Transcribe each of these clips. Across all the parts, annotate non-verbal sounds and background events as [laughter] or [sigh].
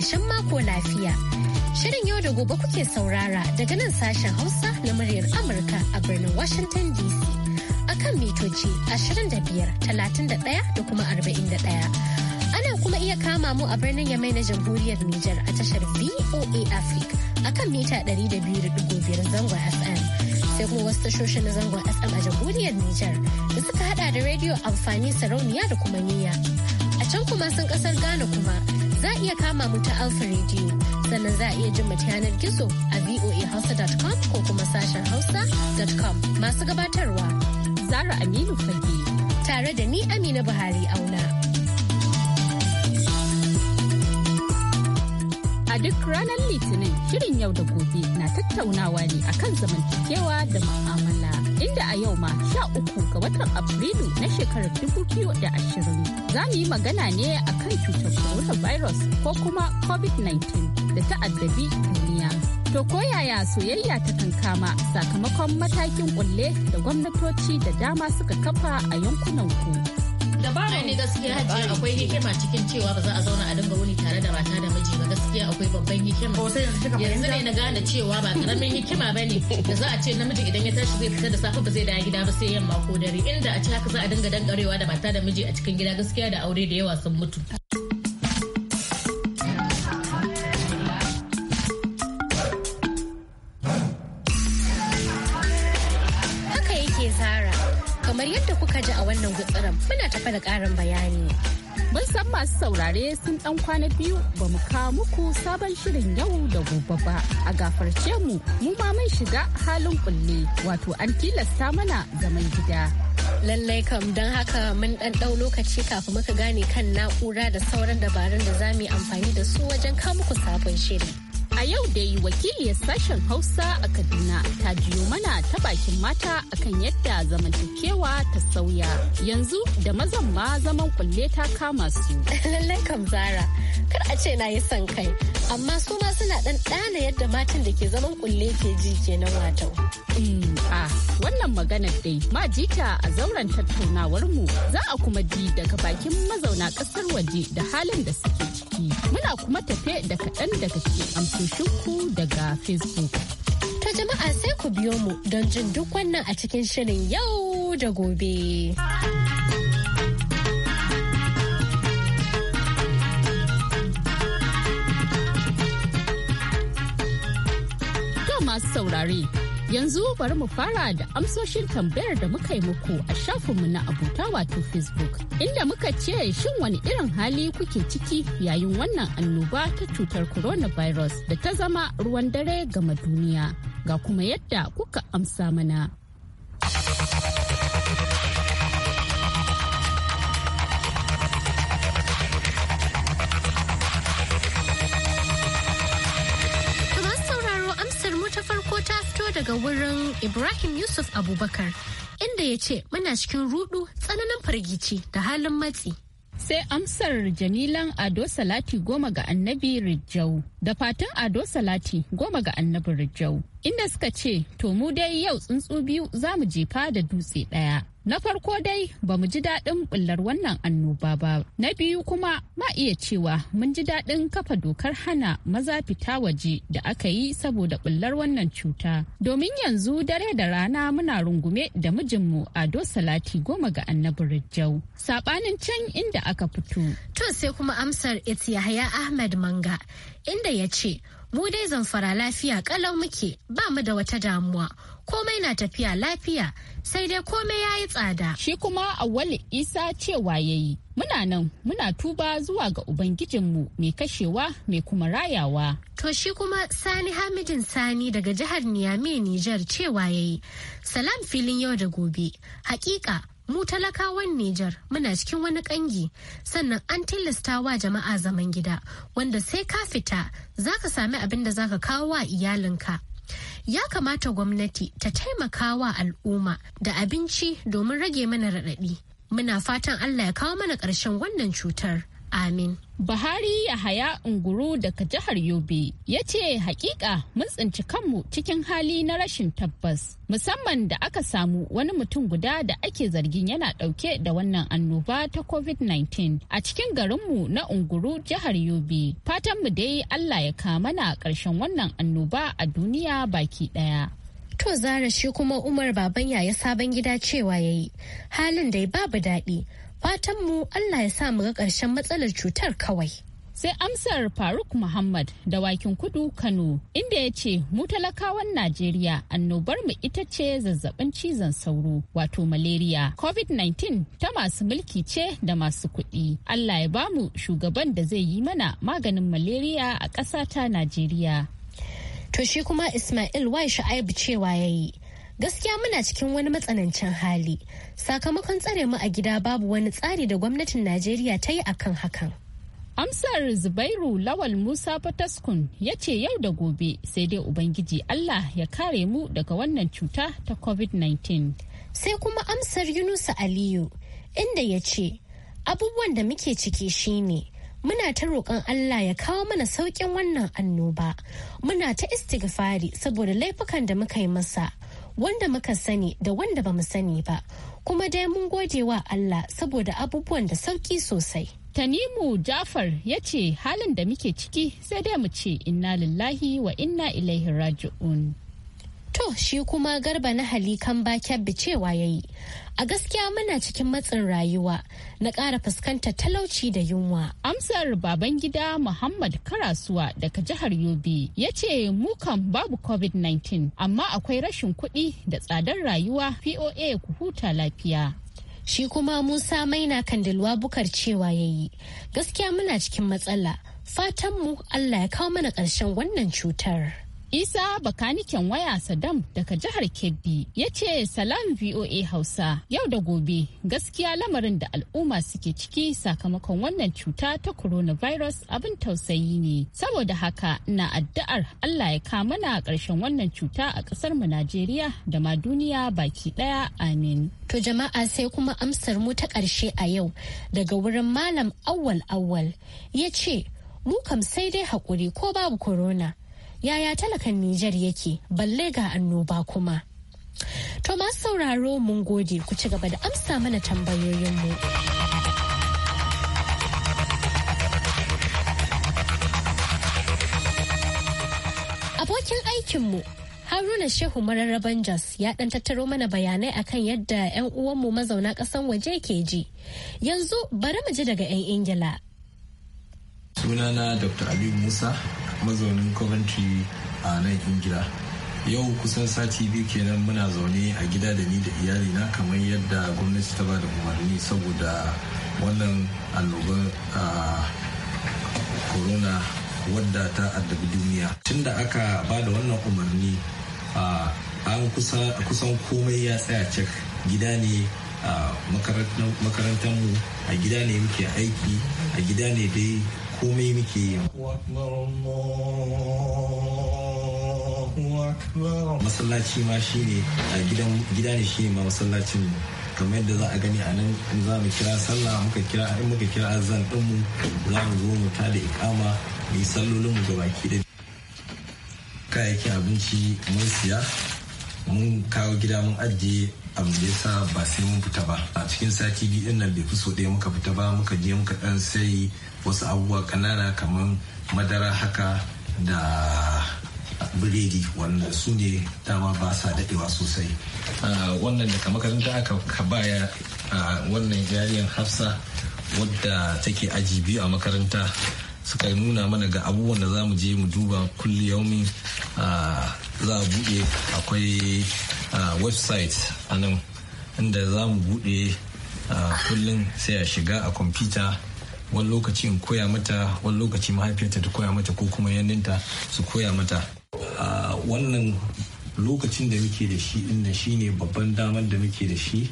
karshen mako lafiya. Shirin yau da gobe kuke saurara daga nan sashen Hausa na muryar Amurka a birnin Washington DC. A kan mitoci 25, 31 da kuma 41. kuma iya kama mu a birnin Yamai na jamhuriyar Nijar a tashar VOA Africa akan mita 200.5 zangon FM. Sai kuma wasu tashoshin na zangon FM a jamhuriyar Nijar da suka hada da rediyo amfani sarauniya da kuma niyya. A can kuma sun kasar Ghana kuma iya kama mu ta Alpha Radio. Sannan za a iya jin mu ta yanar gizo a voahausa.com ko kuma sashen hausa.com. Masu gabatarwa, Zara Aminu Fage. Tare da ni Amina Buhari auna. A duk ranar Litinin, shirin yau da gobe na tattaunawa ne akan zamantakewa da mu'amala. inda a yau ma sha uku ga watan Afrilu na shekarar dubu biyu da ashirin. Za mu yi magana ne a kan cutar virus ko kuma COVID-19 da ta addabi duniya. To ko yaya soyayya ta kankama sakamakon matakin kulle da gwamnatoci da dama suka kafa a yankunan ku. dabarar ne gaskiya hajiya akwai hikima cikin cewa ba za a zauna a dinga wuni tare da mata da miji ba gaskiya akwai babban hikima yanzu ne na gane cewa ba karamin hikima ba ne da za a ce namiji idan ya tashi zai fita da safe ba zai dawo gida ba sai yamma ko dare inda a ce haka za a dinga dangarewa da mata da miji a cikin gida gaskiya da aure da yawa sun mutu muna tafa da ƙarin bayani. Mun san masu saurare sun ɗan kwana biyu ba mu kawo muku sabon shirin yau da gobe ba a gafarce mu mu ma mun shiga halin kulle wato an tilasta mana zaman gida. Lallai kam don haka mun ɗanɗau dau lokaci kafin muka gane kan na'ura da sauran dabarun da za mu yi amfani da su wajen kawo muku sabon shiri. A yau dai wakiliyar sashen Hausa a Kaduna ta jiyo mana ta bakin mata akan yadda zamantakewa ta sauya. Yanzu da mazan ma zaman kulle ta kama su. Lallai kam zara, kar a ce na yi son kai, amma su ma suna ɗanɗana dana yadda matan da ke zaman kulle ke ji kenan wato. Mm, a wannan maganar dai ma jita a zauren tattaunawar mu za a kuma ji daga bakin mazauna ƙasar waje da halin da suke Muna kuma tafe da kaɗan daga cikin amsoshinku daga Facebook. Ta jama'a sai ku biyo mu don jin duk wannan a cikin shirin yau da gobe. to masu saurare Yanzu bari mu fara da amsoshin tambayar da muka yi muku a shafinmu na abuta wato Facebook inda muka ce shin wani irin hali kuke ciki yayin wannan annoba ta cutar coronavirus da ta zama ruwan dare gama duniya ga kuma yadda kuka amsa mana. daga wurin Ibrahim Yusuf Abubakar inda ya ce muna cikin rudu tsananin fargici, da halin matsi. Sai amsar Jamilan Ado Salati goma ga annabi Rijau da fatan Ado Salati goma ga annabi Rijau inda suka ce to mu dai yau tsuntsu biyu za mu jefa da dutse ɗaya. Na farko dai ba mu ji daɗin bullar wannan annoba ba. Na biyu kuma ma iya cewa mun ji daɗin kafa dokar hana maza fita waje da aka yi saboda bullar wannan cuta. Domin yanzu dare da rana muna rungume da mijinmu Ado Salati goma ga annabin Rijau. Saɓanin can inda aka fito. To sai kuma amsar Yahaya Ahmed Manga inda ya ce mu dai zamfara lafiya kalau muke ba mu da wata damuwa komai na tafiya lafiya sai dai komai ya yi tsada. Shi kuma Awali Isa cewa ya yi, muna nan muna tuba zuwa ga Ubangijinmu mai kashewa mai kuma rayawa. To shi kuma Sani Hamidin Sani daga jihar Niyame Nijar cewa ya yi, salam filin yau da gobe, hakika mu talakawan Nijar muna cikin wani kangi sannan an tilasta wa jama'a zaman gida wanda sai ka fita za ka sami abin da za ka kawo wa iyalinka ya kamata gwamnati ta taimaka wa al'umma da abinci domin rage mana raɗaɗi. Muna fatan Allah ya kawo mana ƙarshen wannan cutar. amin. Buhari haya Unguru daga jihar Yobe ya ce hakika mun tsinci kanmu cikin hali na rashin tabbas musamman da aka samu wani mutum guda da ake zargin yana dauke da wannan annoba ta COVID-19 a cikin garinmu na Unguru jihar Yobe. Fatanmu dai Allah ya kamana ƙarshen wannan annoba a duniya baki ɗaya. To zara shi kuma Umar baban yaya sabon gida cewa ya yi, halin dai babu daɗi, fatanmu Allah ya sa mu ga ƙarshen matsalar cutar kawai. Sai amsar Faruk Muhammad da wakin kudu Kano inda ya ce mu talakawan Najeriya annobar mu ita ce zazzabin cizon sauro wato malaria COVID-19 ta masu mulki ce da masu kuɗi. Allah ya bamu shugaban da zai yi mana maganin malaria a ƙasa ta Najeriya. To shi kuma Ismail Y Sha'aibu cewa ya yi. Gaskiya muna cikin wani matsanancin hali. Sakamakon tsare mu a gida babu wani tsari da gwamnatin Najeriya ta yi akan hakan. Amsar Zubairu Lawal Musa Fataskun ya ce yau da gobe sai dai Ubangiji Allah ya kare mu daga wannan cuta ta COVID-19. Sai kuma amsar Yunusa Aliyu inda ya ce abubuwan da muke ciki shine muna ta roƙon Allah ya kawo mana sauƙin wannan annoba muna ta istighfari saboda laifukan da muka yi masa wanda muka sani da wanda ba mu sani ba kuma dai mun gode wa Allah saboda abubuwan da sauƙi sosai Tanimu Jafar ya ce halin da muke ciki sai dai mu ce inna lillahi wa inna ilaihi raji'un. To shi kuma garba na hali kan ba cewa yayi. a gaskiya muna cikin matsin rayuwa na ƙara fuskantar talauci da yunwa. Amsar Babangida Muhammad Karasuwa daga jihar Yobe ya ce mukan babu COVID-19 amma akwai rashin kuɗi da tsadar rayuwa POA ku huta lafiya. Shi kuma Musa maina kandilwa bukar cewa ya yi. gaskiya muna cikin matsala fatanmu Allah ya kawo mana ƙarshen wannan cutar. Isa bakaniken waya sadam daga jihar Kebbi ya ce salam VOA Hausa yau da gobe gaskiya lamarin da al'umma suke ciki sakamakon wannan cuta ta coronavirus abin tausayi ne. Saboda haka na addu'ar Allah ya kama na ƙarshen wannan cuta a ƙasar mu Najeriya da ma duniya baki ɗaya amin. To jama'a sai kuma amsar mu ta ƙarshe a yau daga wurin Malam Awwal Awwal ya ce mu sai dai haƙuri ko babu corona yaya talakan Nijar yake balle ga annoba kuma. To masu sauraro mun gode ku ci gaba da amsa mana tambayoyinmu. mu. abokin aikinmu haruna shehu mararraban jos ya ɗan tattaro mana bayanai akan yadda 'yan uwanmu mazauna kasan waje ke ji yanzu bari mu ji daga 'yan ingila sunana dr abibu musa mazaunin coventry a nan ingila yau kusan sati biyu kenan muna zaune a gida da ni da iyalina kamar yadda gwamnati ta ba da umarni saboda wannan annobar corona wadda ta addabi duniya tunda aka ba da wannan umarni a kusan komai ya tsaya cek gida ne a mu a gida ne muke aiki a gida ne dai komai muke yi masallaci ma shi ne a gida ne shi ma masallacin mu kamar yadda za a gani a nan in za mu kira sallah muka kira in muka kira azan din mu za mu zo mu ta da ikama mu yi sallolin mu ki da kayayyakin abinci mun siya mun kawo gida mun ajiye abu da yasa ba sai mun fita ba a cikin sati biyu nan bai fi so ɗaya muka fita ba muka je muka dan sai wasu abubuwa kanana kamar madara haka da biredi wanda su ne dama ba sa dadewa sosai ah, wannan daga makaranta aka ka baya ah, wannan jariyar hafsa wadda take aji biyu a makaranta suka nuna mana ga abubuwan da za mu je mu duba kulli yaumi ah, za a buɗe akwai website a nan inda za mu buɗe kullum sai a shiga a kwamfuta wani lokaci in koya mata wani lokaci mahaifiyarta ta koya mata ko kuma yanninta su koya mata ah, wannan lokacin da muke da shi inda shi ne babban damar da muke da shi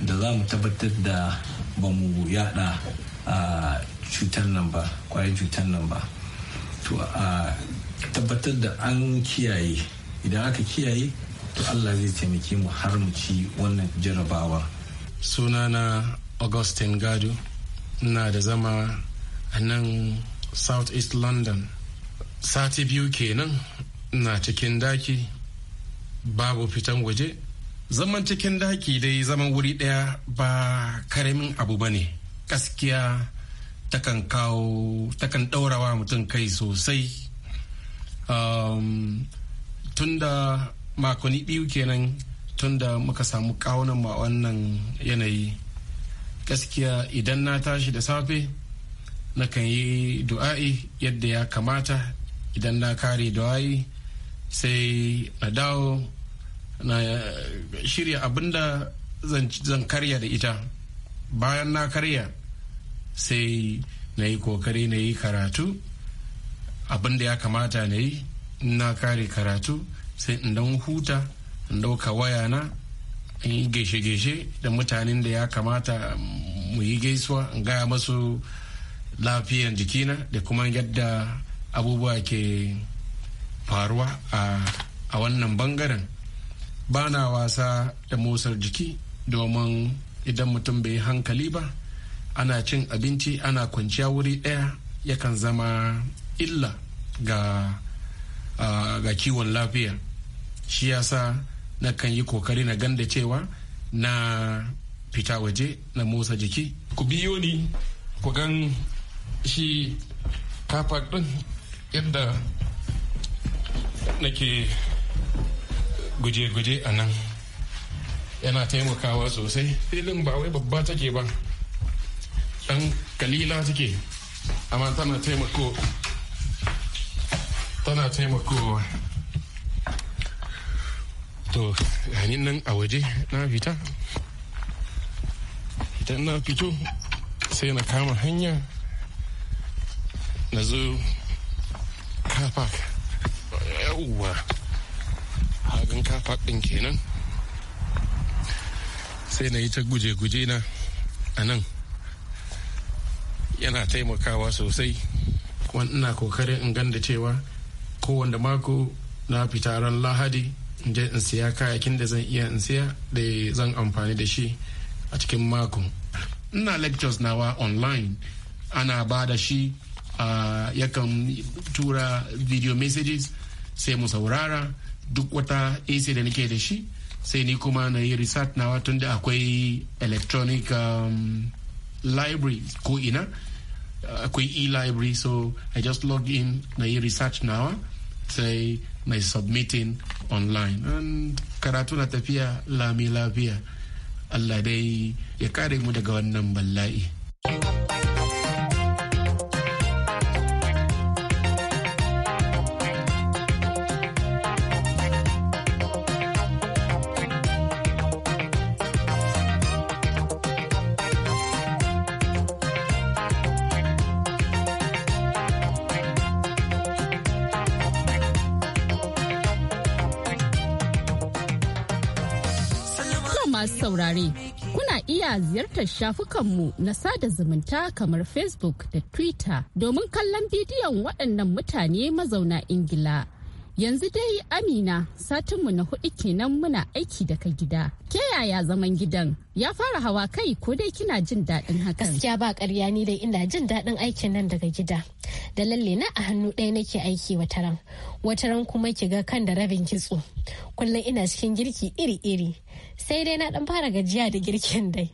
da za mu tabbatar da ba mu yada ah, cutar nan ba kwayar cutar nan ba to a ah, tabbatar da an kiyaye idan aka kiyaye to allah zai taimake mu har mu ci wannan jarabawa sunana augustine gado na da zama a nan south east london sati biyu kenan na cikin daki babu fitan waje zaman cikin daki dai zaman wuri daya ba karamin abu ba ne gaskiya takan kawo takan ɗaurawa mutum kai sosai um, tun da makonni biyu kenan tun da muka samu kawunan ma wannan yanayi gaskiya idan na tashi da safe na kan yi du'a'i yadda ya kamata idan na kare du'a'i sai na dawo na shirya abinda zan karya da ita bayan na karya sai na yi kokari na yi karatu abinda ya kamata na yi na kare karatu sai in dan huta in dauka wayana in yi gaishe-gaishe da mutanen da ya kamata mu yi gaisuwa gaya masu lafiyan jikina da kuma yadda abubuwa ke faruwa a wannan bangaren ba na wasa da motsar jiki domin idan mutum bai hankali ba ana cin abinci ana kwanciya wuri ɗaya yakan zama illa ga, ga kiwon lafiya shi yasa na kan yi kokari na ganda cewa na fita waje na motsa jiki ku biyo ni ku gan shi kafar din yadda nake guje-guje a nan yana taimakawa sosai filin ba wai babba take ba dan kalila take amma tana taimako tana taimakowa to yani nan a waje na fita idan na fito sai na kama hanya na zo kafak yauwa hagan kafak din kenan sai na yi ta guje-guje na a nan yana taimakawa sosai kuma ina kokarin in ganda cewa kowanne mako na fita ran lahadi in je in siya kayakin da zan iya in siya da zan amfani da shi a cikin mako ina lectures nawa online ana ba da shi yakan tura video messages sai mu saurara duk wata ac da nake da shi sai ni kuma na yi research nawa tun da akwai electronic um, library ko ina akwai e-library so i just log in na yi research nawa sai mai submitting online and karatu na tafiya lami lafiya allah dai ya kare mu daga wannan bala'i. saurare, kuna iya ziyartar shafukanmu na sada zumunta kamar Facebook da Twitter domin kallon bidiyon waɗannan mutane mazauna Ingila. Yanzu dai Amina satinmu na hudu kenan muna aiki daga gida. Ke yaya zaman gidan? Ya fara hawa kai ko dai kina jin daɗin haka. Gaskiya ba ƙarya ni dai ina jin daɗin aikin nan daga gida. Da lalle na a hannu ɗaya nake aiki wataran. Wataran kuma ki ga kan da rabin kitso. Kullum ina cikin girki iri-iri. sai dai na dan fara gajiya da girkin dai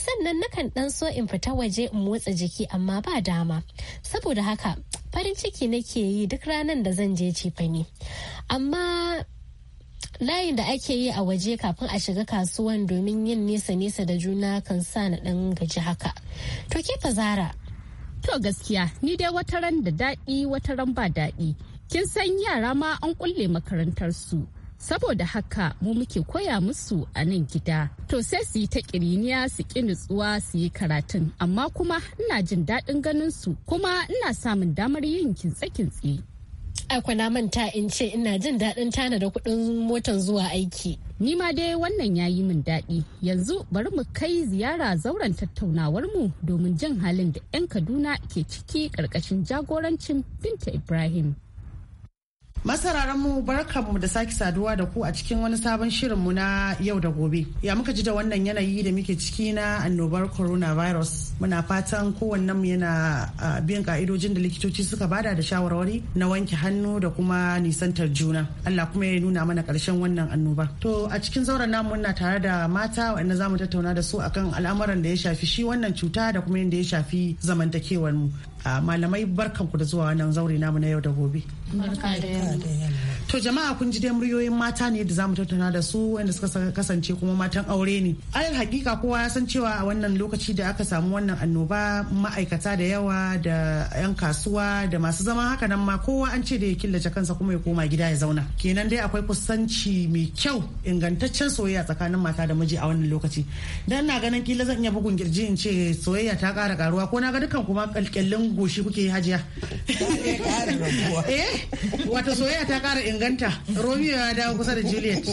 sannan nakan dan so in fita waje in motsa jiki amma ba dama saboda haka farin ciki nake yi duk ranar da zan je cefane amma layin da ake yi a waje kafin a shiga kasuwan domin yin nesa-nesa da juna kan sa na dan gaji haka to ke fa zara to gaskiya ni dai wataran da daɗi wataran ba daɗi kin san yara ma an kulle makarantar su saboda haka mu muke koya musu a nan gida to sai su yi ta kiriniya su ki nutsuwa su yi karatun amma kuma ina jin daɗin ganin su kuma ina samun damar yin kintse-kintse Akwa na manta in ce ina jin daɗin tana da kuɗin motan zuwa aiki. Ni ma dai wannan ya yi min daɗi. Yanzu bari mu kai ziyara zauren tattaunawar mu domin jin halin da 'yan Kaduna ke ciki ƙarƙashin jagorancin Binta Ibrahim. Masararan mu barka mu da sake saduwa da ku a cikin wani sabon shirin mu na yau da gobe. Ya muka ji da wannan yanayi da muke ciki na annobar coronavirus. Muna fatan kowanne mu yana bin biyan ka'idojin da likitoci suka bada da shawarwari na wanke hannu da kuma nisantar juna. Allah kuma ya nuna mana karshen wannan annoba. To a cikin zauren namu muna tare da mata wanda za mu tattauna da su akan al'amuran da ya shafi shi wannan cuta da kuma yadda ya shafi zamantakewar mu. malamai barkanku da zuwa wannan zaure namu na yau da gobe to jama'a kun ji dai muryoyin mata ne da zamu tattauna da su wanda suka kasance kuma matan aure ne ayar hakika kowa ya san cewa a wannan lokaci da aka samu wannan annoba ma'aikata da yawa da yan kasuwa da masu zama haka nan ma kowa an ce da ya killace kansa kuma ya koma gida ya zauna kenan dai akwai kusanci mai kyau ingantaccen soyayya tsakanin mata da miji a wannan lokaci dan na ganin kila zan iya bugun kirji in ce soyayya ta kara karuwa ko na ga dukan kuma kalkyallin goshi kuke yi hajiya eh, [laughs] eh, Wata soyayya ta kara inganta romeo ya dawo kusa da juliet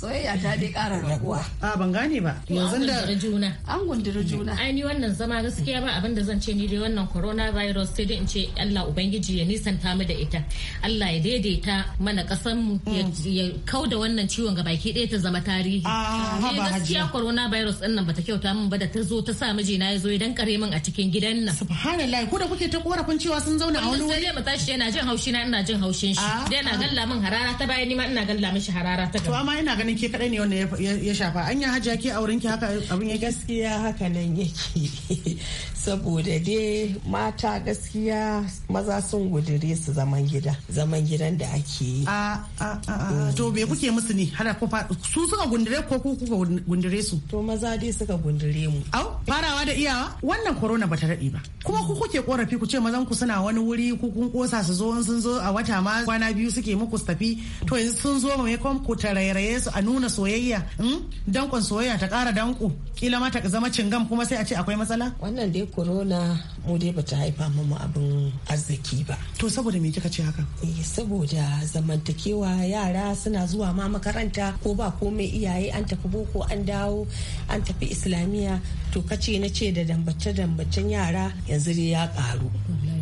soyayya ta dai kara raguwa a ban gane ba yanzu da juna an gundura juna ai wannan zama gaskiya ba abinda zan ce ni dai wannan coronavirus sai dai in ce Allah ubangiji ya nisanta mu da ita Allah ya daidaita mana kasan mu ya kauda wannan ciwon ga baki ɗaya ta zama tarihi ah, eh, gaskiya coronavirus din nan bata kyauta min ba da ta zo ta sa mijina ya zo ya kare min a cikin gidan nan subhanallah ku da kuke ta korafin cewa sun zauna a wani wuri sai tashi yana jin haushi na ina jin haushin shi ah. Dai na galla min harara ta baya. nima ma ina galla mishi harara ta to amma ina ganin ke kadai ne wanda ya shafa anya hajja hajiya ke auren ki haka abin yake gaskiya haka nan yake [laughs] saboda dai mata gaskiya maza sun gudure su zaman gida zaman gidan da ake yi a mm. to me kuke musu ne hada ko su suka gundure ko ku kuka gundure su to maza dai suka gundure mu au farawa da iyawa wannan corona bata daɗe ba kuma ku kuke korafin. tafi ku ce mazan ku suna wani wuri ku kun kosa su zo in sun zo a wata ma kwana biyu suke muku su tafi to yanzu sun zo mai kon ku tarairaye su a nuna soyayya hmm? dankon soyayya ta kara danko kila ma ta zama cingam kuma sai a ce akwai matsala wannan dai corona mu dai bata haifa mu abin arziki ba to saboda me kika ce haka eh saboda zamantakewa yara suna zuwa ma makaranta ko ba komai iyaye an tafi boko an dawo an tafi islamiyya to kace na ce da dambace-dambacen yara yanzu dai ya karu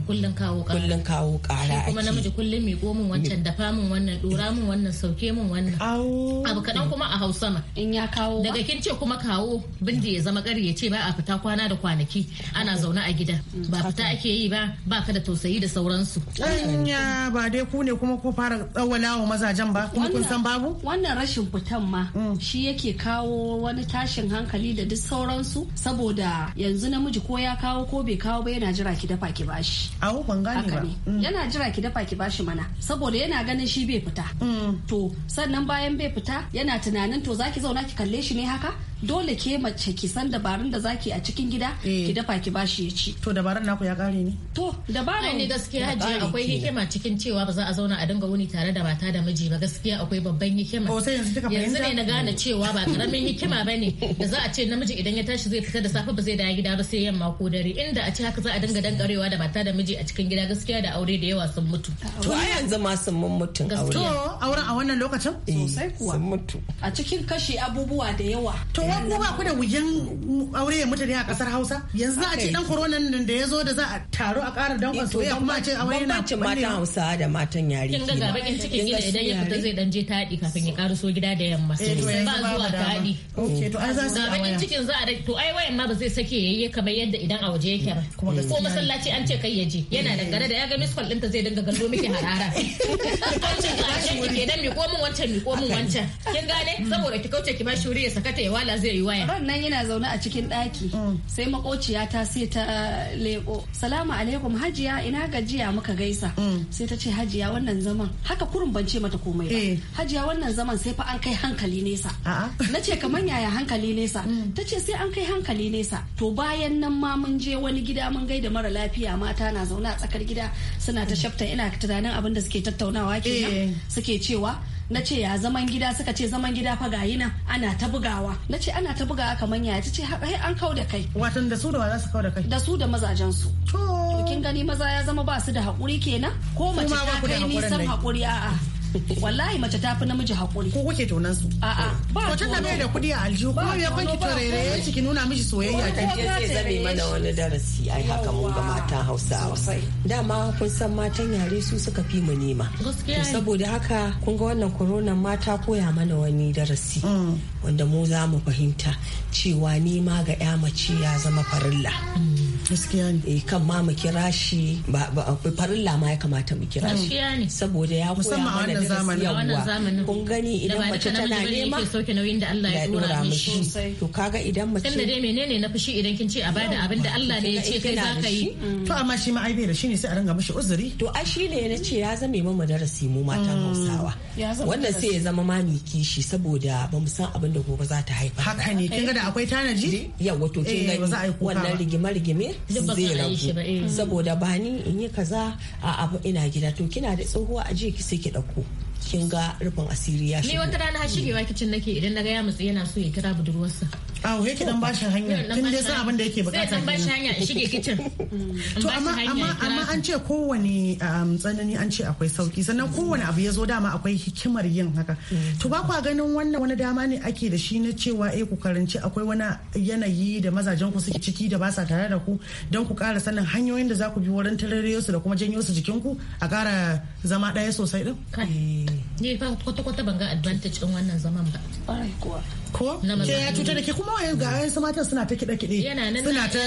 kullun kawo kara kullun kawo kara kuma namiji kullun mi gomin wancan dafa min wannan dora min wannan sauke min wannan abu kadan kuma a Hausa ma in ya kawo daga kin ce kuma kawo bindi ya zama kari ya ce ba a fita kwana da kwanaki ana zaune a gida mm, ba fita ake yi ba ba ka da tausayi da sauransu ya ba dai ku ne kuma ku fara tsawala wa mazajen ba kuma kun san babu wannan rashin fitan ma mm. shi yake kawo wani tashin hankali da duk sauransu saboda yanzu namiji ko ya kawo ko bai kawo ba yana jira ki dafa ki bashi a ban gani ba mm. yana jira ki dafa ki bashi mana saboda yana ganin shi bai fita mm. to sannan bayan bai fita yana tunanin to zaki zauna ki kalle shi ne haka dole ke mace ki san dabarun da zaki a cikin gida ki eh. dafa ki bashi ya ci to dabarun naku ya kare ne to dabarun ne gaskiya haji akwai hikima cikin cewa ba za a zauna a dinga wuni tare da mata da miji ba gaskiya akwai babban hikima yanzu ne na gane cewa ba karamin hikima bane da za a ce namiji idan ya tashi zai fita da safe ba zai dawo gida ba sai yamma ko dare inda a ce haka za a dinga dankarewa da mata da miji a cikin gida gaskiya da aure da yawa sun mutu to a yanzu ma sun mun mutu aure auren a wannan lokacin eh, sosai kuwa sun mutu a cikin kashi abubuwa da yawa to ko ba ku da wuyan aure ya mutane a kasar Hausa yanzu za a ce dan koro nan da ya zo da za a taro a ƙara dankon soyayya kuma a ce aure na bambancin matan Hausa da matan yare kin ga bakin cikin gida idan ya fita zai dan je taɗi kafin ya ƙara so gida da yamma eh, ba zuwa taɗi to ai za su bakin cikin za a to ai wayan ma ba zai sake yayye kamar yadda idan a waje yake ba mm, ko masallaci an ce kai ya je yana mm. dangane da ya ga miskol ɗinta zai dinga gallo miki harara wancan [laughs] ki kenan mi ko mun wancan mi ko mun wancan kin gane mm. saboda ki kauce ki ba shuri ya sakata ya wala Allah zai yi waya. Ran nan yana zaune a cikin ɗaki mm. sai makociya ta sai ta leƙo. Salamu alaikum hajiya ina gajiya muka gaisa. Mm. Sai ta ce hajiya wannan zaman haka kurun ban ce mata komai ba. Eh. Hajiya wannan zaman sai fa an kai hankali nesa. [laughs] Na ce kamar yaya hankali nesa. Mm. Ta ce sai an kai hankali nesa. To bayan nan ma mun je wani gida mun gaida mara lafiya mata na zaune a tsakar gida suna ta shafta ina tunanin abin da suke tattaunawa kenan eh. suke cewa na ce ya zaman gida suka ce zaman gida fa gayi nan ana ta bugawa na ce ana ta bugawa kamar ya ta ce an kau da kai watan da su da za su kau da kai da su da mazajen su to kin gani maza ya zama ba su da hakuri kenan ko mace ta kai nisan haƙuri a'a wallahi mace ta fi namiji hakuri ko kuke tonan su a ba to tunda bai da kudi a aljihu ko ya kwanki torere ya ciki nuna mishi soyayya ke ke zame mana wani darasi ai haka mun ga matan Hausawa dama kun san matan yare su suka fi mu nema saboda haka kun ga wannan corona mata koya mana wani darasi mm. wanda mu za mu fahimta cewa nema ga ya mace ya zama farilla mm. gaskiya ne eh kan ma mu kira shi ba farin lama ya kamata mu kira shi saboda ya koya mana darasi kun gani idan mace tana nema da Allah ya dora shi to kaga idan mace tunda dai menene na fushi idan kin ce a bada abin da Allah ne ya ce kai za ka yi to amma shi ma ai bai da shi ne sai a ranga mishi uzuri to ai shi ne na ce ya zame mu madarasi mu matan mm. Hausawa wannan sai ya zama ma mi kishi saboda ba mu san abin da gobe za ta haifa haka ne kin ga da akwai tanaji yawa to kin eh, ga wannan rigima rigime zai ragu eh. saboda ba ni in yi kaza a abu ina gida to kina da tsohuwa a jiya ki sai ki ɗauko kin ga rufin asiri ya shigo. Ni wata rana har shigewa kicin nake idan na ga ya mutsi yana so ya kira budurwarsa. Awo yake dan bashi hanya tun dai san abin da yake bukata. Sai dan bashi hanya shige kicin. [laughs] To amma amma amma an ce kowane um, tsanani an ce akwai sauki sannan kowane abu ya zo dama akwai hikimar yin haka. Mm. To ba kwa ganin wannan wani dama ne ake da shi na cewa eh ku karanci akwai wani yanayi da mazajen ku suke ciki da ba sa tare da ku don ku kara sanin hanyoyin da za ku bi wurin tarare su da kuma janyo su jikin ku a kara zama ɗaya sosai din. ne ba kwata-kwata ban ga advantage din wannan zaman ba. Ƙwarai kuwa. ko ke ya cutar da ke kuma wayan ga 'yan mata suna ta kiɗe kiɗe suna ta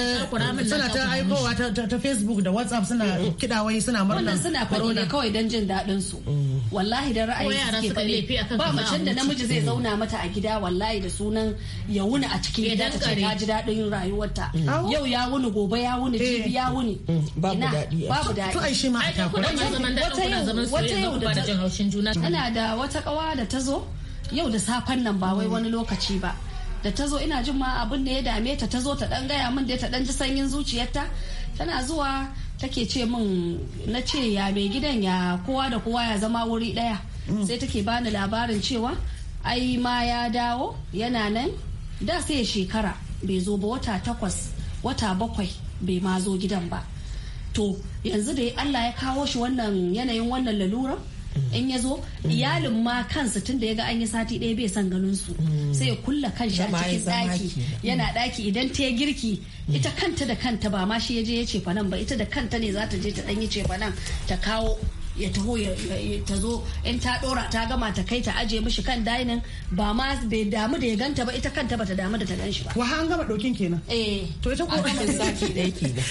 suna ta aikowa ta facebook da whatsapp suna kiɗa wai suna murna wannan suna faɗi ne kawai don jin daɗin su mm. wallahi da ra'ayi suke faɗi ba macen da namiji zai zauna mata a gida wallahi da sunan ya wuni a cikin gida ta ce ta ji daɗin rayuwarta mm. yau ya wuni gobe ya wuni eh. jibi ya wuni mm. babu daɗi babu daɗi to ai shi ma kuma zaman wata ba da juna. ana da wata kawa da ta zo yau da safen nan ba wai wani lokaci ba da ta zo ina jin ma abin da ya dame ta ta zo ta dan gaya min da ta dan ji sanyin zuciyarta tana zuwa take ce min na ce ya mai gidan ya kowa da kowa ya zama wuri daya mm. sai take bani labarin cewa ai ma ya dawo yana nan da sai shekara bai zo ba wata takwas wata bakwai bai ma zo gidan ba to yanzu da Allah ya kawo shi wannan yanayin wannan laluran in ya zo iyalin ma kansa tun da ya ga an yi sati ɗaya bai san ganin su sai ya kulla shi a cikin ɗaki yana ɗaki idan ta girki ita kanta da kanta ba ma shi ya je ya ce fa nan ba ita da kanta ne za ta je ta ɗan yi ce fa nan ta kawo ya taho ya ta zo in ta dora ta gama ta kai ta aje mishi kan dining ba ma bai damu da ya ganta ba ita kanta bata damu da ta ganshi ba. Waha an gama ɗokin kenan. Eh. To ita ko ɗan saki ɗaya kenan.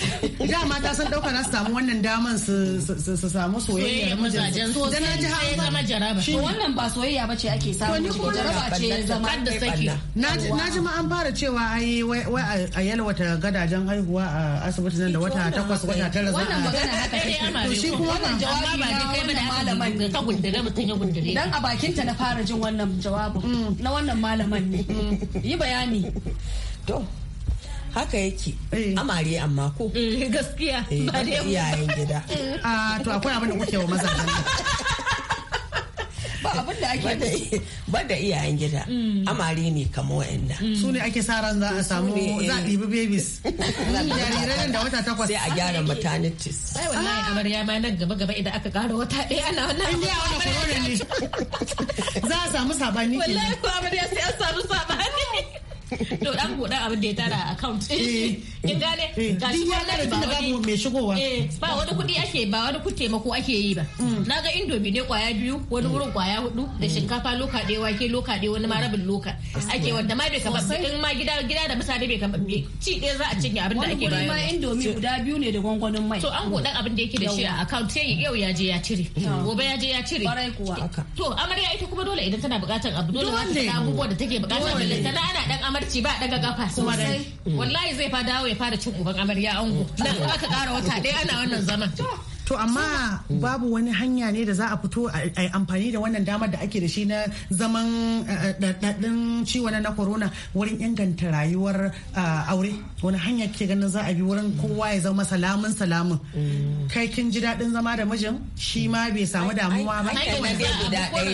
[laughs] Da ma ta san ɗauka na su samu wannan daman su su samu soyayya da mazajen so dan ji har zama jaraba. To wannan ba soyayya ba ce ake samu jaraba ce zama. da saki. Na ji ma an fara cewa ai wai a yalwata gadajen haihuwa a asibiti nan da wata takwas wata tara za a. Wannan magana haka [laughs] take. To shi kuma wannan jawabi da malaman ka dan a bakinta na fara jin wannan jawabin mm. na wannan malaman ne mm. yi bayani to haka yake eh. amare amma ko eh, gaskiya eh, ba da yayin gida a [laughs] ah, to akwai abin da kuke wa mazajen ba abin da ake iyayen gida mm. amare ne kamar wa'anda mm. su ne ake sa ran za a samu za a ɗibi babies [laughs] jariran da wata takwas sai a gyara maternities ai wallahi ah. amarya ma nan gaba gaba idan aka ƙara wata ɗaya ana wannan in dai a wani ne [laughs] za a samu sabani wallahi ko amarya sai a samu sabani [laughs] to dan godan abin da ya tara account eh, eh. kin gane eh, ga shi wallahi ba wani mai shigowa ba wani kuɗi ake ba wani kuɗi taimako ake yi ba mm. naga indomie ne kwaya biyu wani mm. wurin kwaya hudu da mm. shinkafa loka ɗaya wake loka ɗaya wani ma rabin loka ake wanda ma bai kaba in ma gida gida da mutane bai kaba ci ɗaya za a cinye abin da ake bayarwa wani ma indomi guda biyu ne da gwangwanin mai to an godan abin da yake da shi a account sai yau ya je ya cire gobe ya je ya cire to amarya ita kuma dole idan tana bukatar abu dole za ta abubuwa da take bukata balle tana ana dan amarya barci ba daga kafa sosai wallahi zai fa dawo ya fara cin uban amarya ango nan aka kara wata dai ana wannan zaman To amma babu wani hanya ne da za a fito a amfani da wannan damar da ake da shi na zaman daɗaɗɗin ciwon na corona wurin inganta rayuwar aure wani hanya ke ganin za a bi wurin kowa ya zama salamun salamun kai kin ji daɗin zama da mijin shi ma bai samu damuwa ba.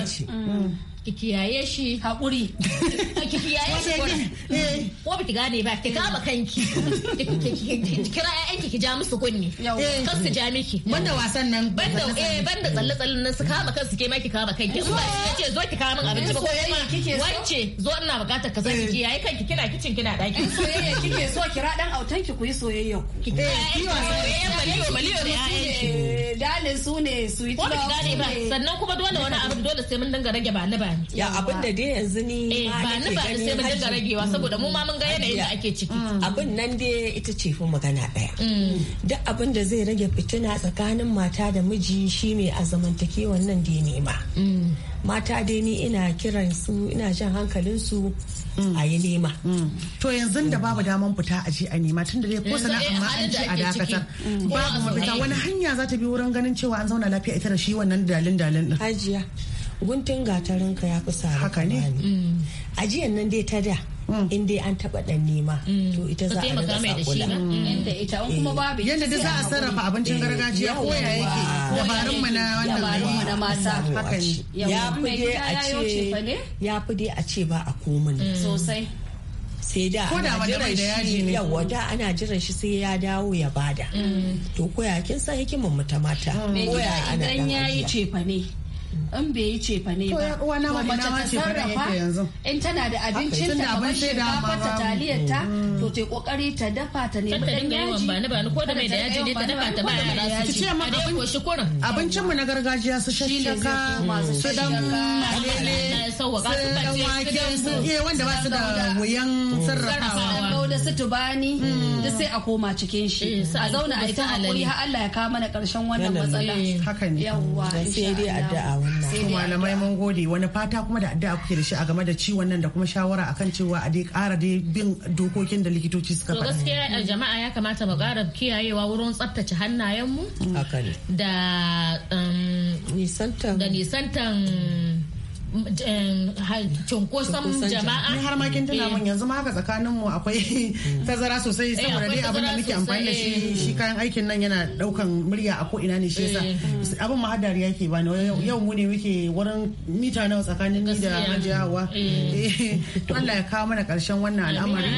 ki kiyaye shi haƙuri [laughs] ki kiyaye shi eh. ko ba ki gane ba ki kama kanki [laughs] ki kira ƴaƴanki ki ja musu kunni eh. kar su ja miki banda wasan nan banda eh banda tsalle tsalle nan su kama kansu ke ma ki kama kanki in ba ki ce zo ki kama min abinci ba ko kuma wance zo ina bukatar ka zo ki eh. kiyaye kanki kina kicin kina daki soyayya kike so kira dan autan ki ku yi soyayya ku ki yi maliyo maliyo da ƴaƴanki dalin su ne su yi ko ki gane ba sannan kuma dole wani abu dole sai mun dinga rage ba liba ya abin da dai yanzu ni eh, ba ni ba sai mun dinga ragewa saboda mu ma mun ga yanayin da ake ciki mm. abin nan dai ita ce fi magana daya mm. duk abin da zai rage fitina tsakanin mata da miji ne a zamantake wannan dai nema mm. mata dai ni ina kiran su ina jan hankalin su a yi nema. To yanzu da babu daman fita a je a nema tun da dai ko sana'a eh, ma an ce a dakatar. Babu mafita wani hanya za ta bi wurin ganin cewa an zauna lafiya ita da shi wannan dalin dalin din. Hajiya guntun gatarinka ya fi haka ne ajiyan mm. nan dai ta da mm. in dai an taba dan nema mm. to ita za a rika sakula yadda yanda eh. da za a sarrafa abincin eh. gargajiya ko ya yake ah. dabarun mu na wannan dabarun mata haka ne ya fi dai a ce ya fi dai a ce ba a komin sosai sai da ana jiran shi yawa da ana jiran shi sai ya dawo ya bada to koya kin san hikimar mu ta mata koya ana dan yayi yi cefane. in bai yi cefa ne ba to mace ta sarrafa in tana da abincin ta kamar shinkafa ta taliyar ta mm. to ta kokari ta dafa ta nemi dan yaji ba ni ba ni ko da mai da yaji ne ta dafa ta ba ya ci ma abin abincin mu na gargajiya su shashaka su dan malele sauwaka su tace su wanda ba su da wuyan mm. sarrafawa da su tubani mm. da sai a koma cikin shi eh, a zauna a ita hakuri har Allah ya kawo mana karshen wannan matsala eh. haka ne yawa sai dai addu'a wannan malamai mun gode wani fata kuma da addu'a kuke da shi a game da ciwon nan da kuma shawara akan cewa a dai kara dai bin dokokin da likitoci suka faɗa to gaskiya eh, jama'a ya kamata mu kara kiyayewa wurin tsaftace hannayenmu mm. da um, nisantan da nisantan cunkoson jama'a. Ni har ma kin mun eh. yanzu ma haka tsakanin mu akwai hmm. tazara sosai eh, saboda dai abin da muke amfani da shi shi kayan aikin nan yana daukan murya a ko ina ne shi yasa eh. abin ma hadari yake bani yau mu ne muke wurin mita nawa tsakanin ni da Hajiyawa. Allah ya kawo mana karshen wannan al'amari.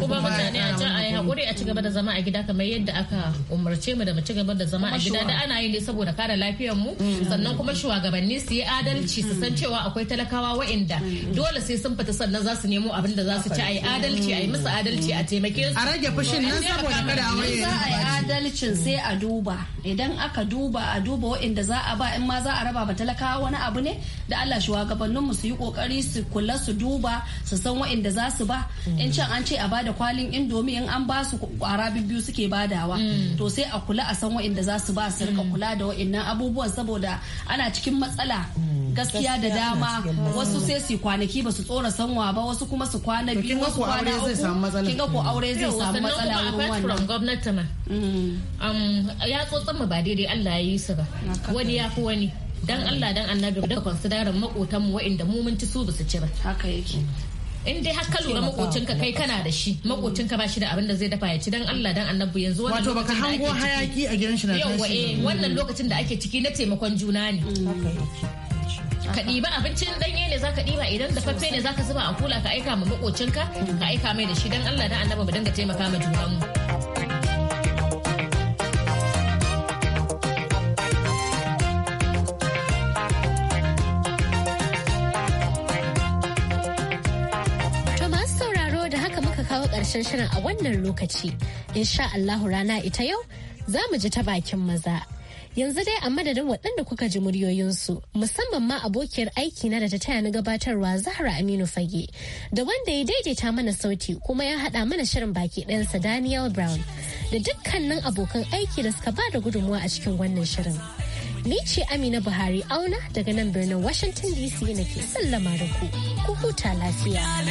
Kuma mutane a ta ayi hakuri a ci da zama a gida kamar yadda aka umarce mu da mu ci da zama a gida da ana yi ne saboda kare lafiyar mu hmm. sannan kuma shugabanni su yi adalci su san cewa akwai talakawa wa'inda dole sai sun fita sannan za su nemo abin da za su ci a yi adalci a yi musu adalci a taimake su a rage fushin nan saboda kada a aure za a yi adalcin sai a duba idan aka duba a duba wa'inda za a ba in ma za a raba ba talakawa wani abu ne da Allah mu su yi kokari su kula su duba su san wa'inda za su ba in can an ce a bada kwalin indomi in an ba su kwara biyu suke badawa mm. to sai a kula a san wa'inda za su ba su rika mm. kula da wa'innan abubuwan saboda ana cikin matsala mm. gaskiya da dama wasu sai su kwanaki ba su tsora sanwa ba wasu kuma su kwana biyu wasu kwana uku kin ga ko aure zai samu matsala wannan gwamnati mm. um, ma ya tsotsan mu ba daidai Allah ya yi su ba wani ya fi wani dan Allah dan annabi da considerin makotan mu wa'inda mu mun ci su basu ci ba haka yake in dai har ka lura makocinka kai kana da shi makocinka ba shi da abin da zai dafa ya ci dan Allah dan annabi yanzu wannan wato baka hango hayaki a gidan shi na tashi eh wannan lokacin da ake ciki na taimakon juna ne ka ɗiba abincin ɗanye ne za ka ɗiba idan dafaffe ne za ka zuba a kula ka aika ma makocinka ka aika mai da shi don Allah da annaba mu dinga taimaka ma juna mu ƙarshen shirin a wannan lokaci. Insha Allahu rana ita yau za mu ji ta bakin maza Yanzu dai a madadin waɗanda kuka ji muryoyinsu musamman ma abokiyar aiki na da ta taya na gabatarwa Zahra Aminu Fage da wanda ya daidaita mana sauti kuma ya haɗa mana shirin baki ɗayansa Daniel Brown da dukkanin abokan aiki da suka ba da gudunmuwa a cikin wannan shirin. Ni ce Amina Buhari auna daga nan birnin Washington DC nake sallama da ku. Ku huta lafiya.